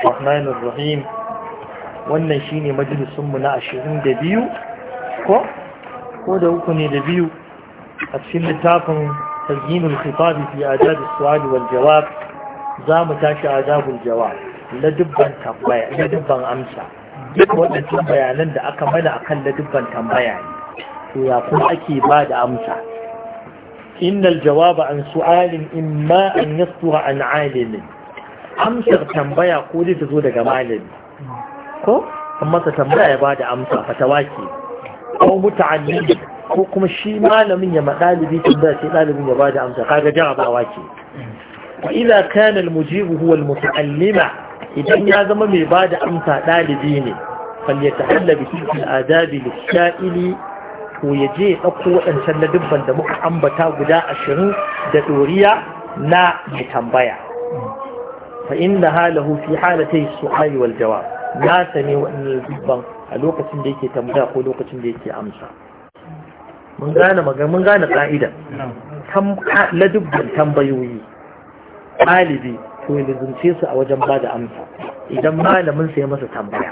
الرحمن الرحيم wannan shine majalisunmu na 22 ko ko da uku ne da biyu a cikin littafin tarjimul khitab fi adab as-su'al wal jawab za mu tashi adabul jawab ladubban tambaya ladubban amsa duk waɗannan bayanan da aka mana a akan ladubban tambaya ne ya kuma ake ba da amsa innal jawaba an su'alin imma an yastura an alimin amsar tambaya ko zai ta zo daga malami ko masa tambaya ya bada amsa fatawa ke ko muta'allimi ko kuma shi malamin ya madalibi tambaya sai dalibin ya bada amsa kaga jarabawa ke wa idza kana al huwa al-muta'allima idan ya zama mai bada amsa dalibi ne falyatahalla bi tilkal adabi lis-sa'ili to ya je ya ɗauko waɗancan na dubban da muka ambata guda ashirin da ɗoriya na mai tambaya فإنها له في حالتي السؤال والجواب لا سمي وإني يجبا الوقت اللي يكي تمدى الوقت اللي من غانا من غانا قائدا ladubban tambayoyi ɗalibi to ya zunce su a wajen ba da amsa idan malamin sai masa tambaya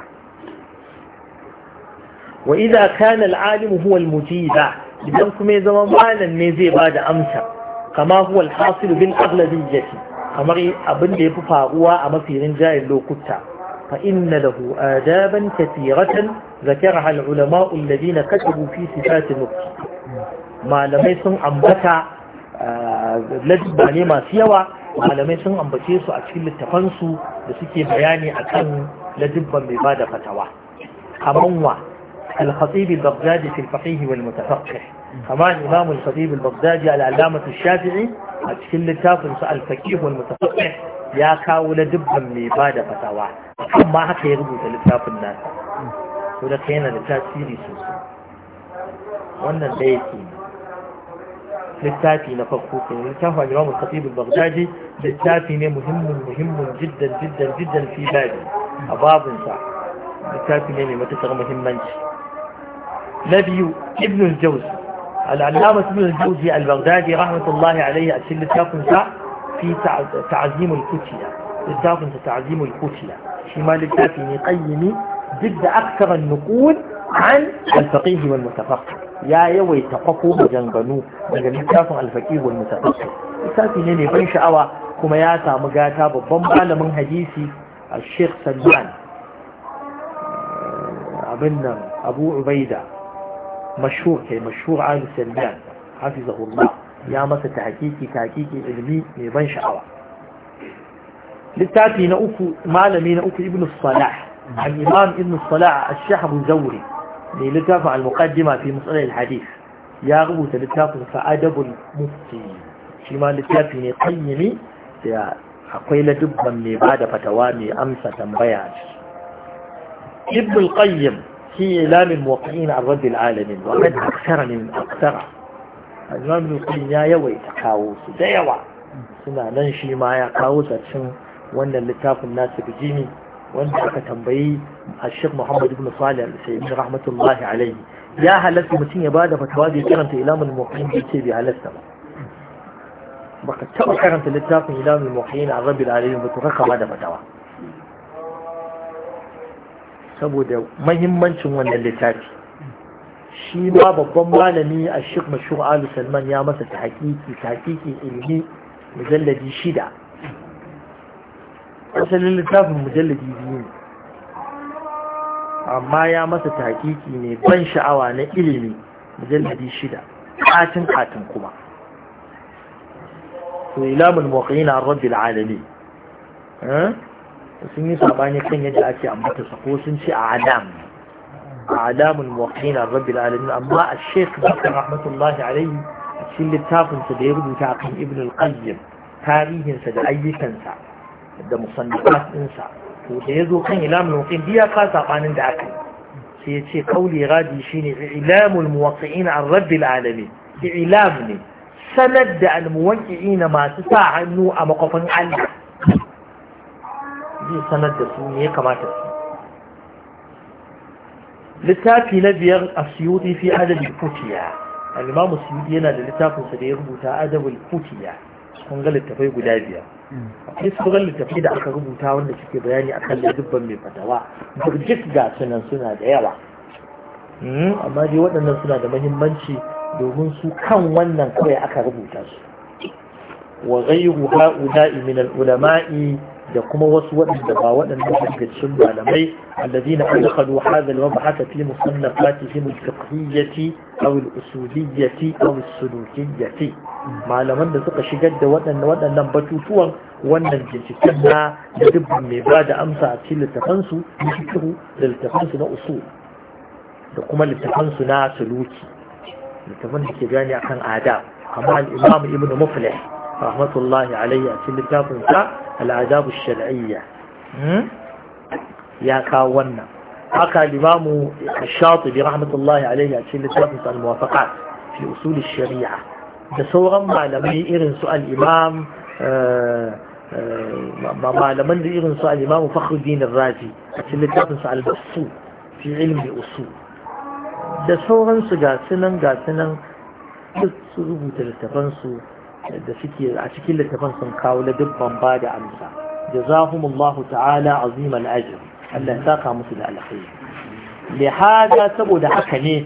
wa idza kana al-alim huwa al idan kuma ya zama malam ne zai ba da amsa kama huwa al-hasil bil aghlabiyyati kamar abin da ya fi faruwa a mafirin jayin lokuta fa inna lahu adaban kathiratan zakara al ulama alladhina katabu fi sifati mukti malamai sun ambata eh, ladbane masu yawa malamai sun ambace su a cikin littafan su da suke bayani akan ladibban mai bada fatawa kamar wa al khatib al baghdadi fi al fahih wal كمان إمام الخطيب البغدادي على علامة الشافعي أتكل التافنس الفكيه والمتفقه يا كاول دبا من إبادة فتاوى ما حكى يربط للتاف الناس ولكن هنا سيري سوسا وانا البيتين للتافي نفقوك للتاف الإمام الخطيب البغدادي للتافي مهم مهم جدا جدا جدا في بادي أباب انسا للتافي مهم متفق مهمنش نبي ابن الجوزي العلامة ابن الجوزي البغدادي رحمة الله عليه أسل التافنسة في تعزيم الكتلة التافنسة تعزيم الكتلة شمال التافن يقيم ضد أكثر النقود عن الفقيه والمتفقه يا يوي تقفوا مجنبنو مجنب التافن الفقيه والمتفقه التافن بيش أوا أوى كمياتا مقاتا ببنبع لمن هديسي الشيخ سلمان أه، ابن أبو عبيدة مشهور كي مشهور عن سلمان حفظه الله يا مسا تحقيقي تحقيقي علمي ميبان شعوة للتاتي نأكو معلمي نأكو ابن الصلاح عن إمام ابن الصلاح الشحب الزوري للتافع المقدمة في مسألة الحديث يا غبو تلتافع فأدب المفتي شما للتافي نقيمي يا ladubban mai من بعد فتوامي أمسة amsa ابن القيم في إعلام الموقعين عن رب العالمين ومن أكثر من أكثر الإمام ابن القيم يا يوي تقاوس دا يوا سنة ننشي ما يا قاوس أتشن وأن اللتاف الناس بجيني وأن تنبيه الشيخ محمد بن صالح السيمين رحمة الله عليه يا هلت متين يبادة فتوى دي كرمت إعلام الموقعين بيتي بهلتنا بقى تبقى كرمت اللتاف إعلام الموقعين عن رب العالمين بتغقى بعد فتوى saboda mahimmancin wannan littafi shi ma babban malami a shik mashur alu salman ya masa ta hakiki ta hakiki ilmi mujalladi shida asalin littafin mujalladi biyu ne. amma ya masa ta hakiki ne ban sha'awa na ilimi mujalladi shida katin katin kuma to ilamun muqina rabbil alamin eh sun yi sabani kan yadda ake ambata su ko sun ce a adam أعلام amma عن رب العالمين أما الشيخ بكر رحمة الله عليه da ya سديرد تعقيم ابن القيم تاريه سدعي كنسا da musannikat ɗinsa to da ya zo kan ilamul muqim biya ka sabanin da aka sai ya ce kauli radi shine ilamul muwaqqi'in an rabbil alamin ilam ne sanad da al muwaqqi'in masu sa hannu a makofin Allah zai sanar da su ne ya kamata su littafi na biyar a suyuti fi adabin kutiya alimamu suyuti yana da littafinsa da ya rubuta adabin kutiya kun ga littafai guda biyar akwai sauran littafai da aka rubuta wanda suke bayani a kan dubban mai fatawa burjik ga sunan suna da yawa hmm, amma dai waɗannan suna da mahimmanci domin su kan wannan kawai aka rubuta su wa ghayru ha'ula'i min ulamai da kuma wasu waɗanda ba waɗanda daga cikin malamai alladhina adkhalu hadha al-mabhath fi musannafatihim al-fiqhiyyati aw al-usuliyyati aw al-sulukiyyati malaman da suka shigar da waɗannan waɗannan batutuwan wannan binciken na da dubban mai ba da amsa a cikin littafansu na fiqhu da su na usul da kuma su na suluki littafan da ke gani akan adab amma al-imam ibnu muflih rahmatullahi alayhi a cikin littafinsa العذاب الشرعية يا كاونا حكى الإمام الشاطبي رحمة الله عليه أشيل لتوافق الموافقات في أصول الشريعة تصورا ما لم إرن سؤال إمام آه، آه، ما لم إرن سؤال الإمام فخر الدين الرازي أشيل لتوافق على الأصول في علم الأصول تصورا sauransu ga sunan ga sunan da suke a cikin littafin sun kawo ladubban ba da amsa jazahumullahu ta'ala azimal ajr Allah ya saka musu da alkhairi lihada saboda haka ne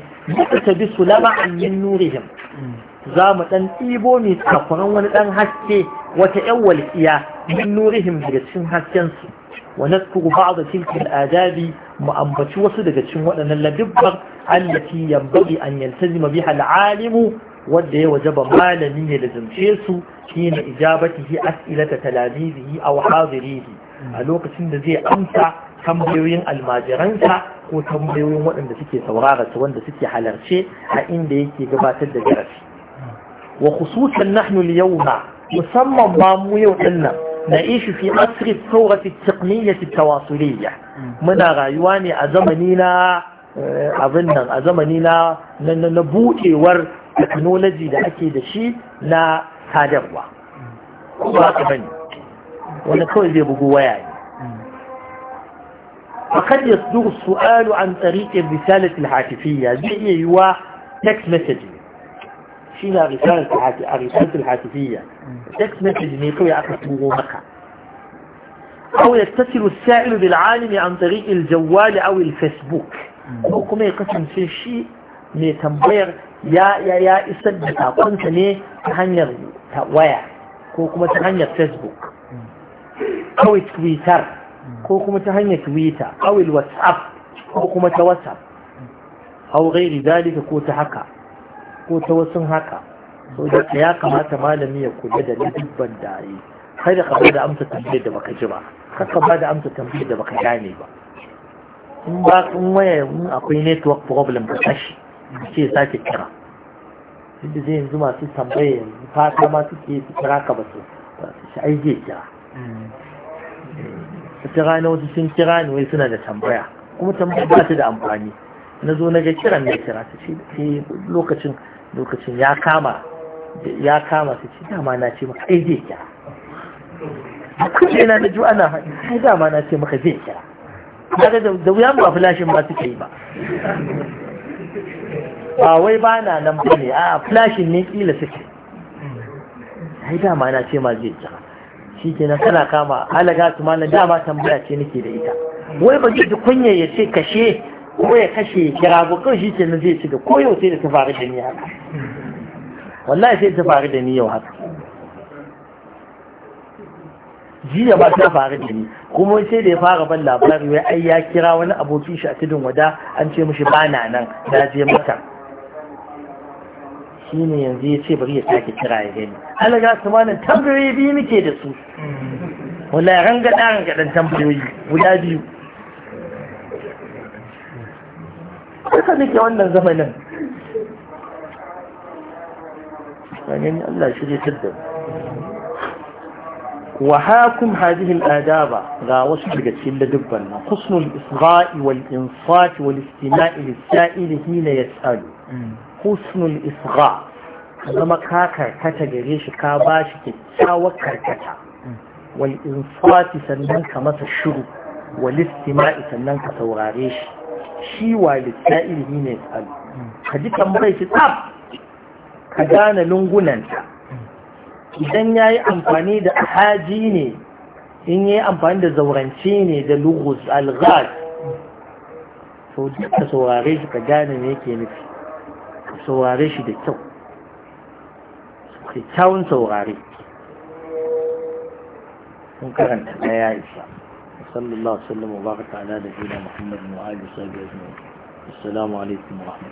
ta bi sulama min nurihim za mu dan ɗibo ne takuran wani dan haske wata yan walƙiya min nurihim daga cikin hasken su wa nadkuru ba'da tilka al-adabi mu ambaci wasu daga cikin waɗannan ladubbar allati yanbaghi an yaltazima biha al-alimu Wanda ya wajaba malami ya lazumce su shine ijabatihi as'ilata talamizihi aw hadirihi a lokacin da zai amsa tambayoyin almajiransa ko tambayoyin waɗanda suke saurara su wanda suke halarce a inda yake gabatar da darasi wa khususan nahnu al-yawma musamman ma mu yau dinnan Muna rayuwa ne a التقنية na eh, abin nan a أظن na na buɗewar. technology da ake da shi na sadarwa ba ka bane wani kawai zai bugu فقد يصدر السؤال عن طريق الرسالة الحاتفية زي يوا تكس مسج شينا رسالة الرسالة الهاتفية تكست مسج ميقوي أكتبه مكا أو يتصل السائل بالعالم عن طريق الجوال أو الفيسبوك أو كما يقسم في شيء ميتنبير ya ya ya isar da sakonsa ne ta hanyar waya ko kuma ta hanyar facebook kawai twitter ko kuma ta hanyar twitter kawai whatsapp ko kuma ta whatsapp hau gairi dalika ko ta haka ko ta wasu haka so da ya kamata malami ya kula da dubban dare da ka da amsa tambayar da baka ji ba kada ka da amsa tambayar da baka gane ba in ba kun waya akwai network problem ka tashi ce sake kira inda zai yanzu masu tambaye yanzu fata masu ke su kira ka ba su shi ai zai kira su mm. kira na wasu sun kira ni wai suna da tambaya kuma tambaya ba su da amfani na zo na ga kiran na kira su ce eh, lokacin lokacin ya kama ya kama su ce dama na ce maka ai zai kira a kuɗe yana da ju'a na haɗi ai dama na ce maka zai kira kaga da wuya ba filashin ba suke yi ba ba wai ba na nan ba ne a flashin ne kila suke ai dama na ce ma zai kira shi nan kana kama halaga su na dama tambaya ce nake da ita wai ba zai ji kunya ya ce kashe ko ya kashe kira ko kawai shi nan zai ci da yau sai da ta faru da ni haka wallahi sai ta faru da ni yau haka jiya ba ta faru da ni kuma sai da ya fara ban labarai wai ai ya kira wani abokin shi a tudun wada an ce mishi bana nan da je mata shi ne yanzu ya ce bari ya sake kira ya gani alaga su malam tambayoyi biyu muke da su wala rangada rangadan tambayoyi guda biyu haka nake wannan zamanin ganin Allah shirya tattalin wa hakum hadhihi adaba ga wasu daga cikin dubban nan husnul isra'i wal insat wal istina'i lis-sa'ili ya tsalu. Mm. husnul isra zama ka karkata gare shi ka bashi kyakkyawar karkata mm. wal insat sannan ka masa shiru wal sannan ka saurare shi shi wa lis-sa'ili ya tsalu. Mm. ka ji tambayar shi tsaf ka gane lungunanta idan ya yi amfani da haji ne in yi amfani da zaurance ne da lugus alghaz sau duka saurare shi ka gane ne yake nufi saurare shi da kyau kyakkyawan saurare sun karanta ɗaya isa sallallahu alaihi wasallam wa baraka ala da jina muhammadin wa alihi wa sahbihi assalamu alaikum wa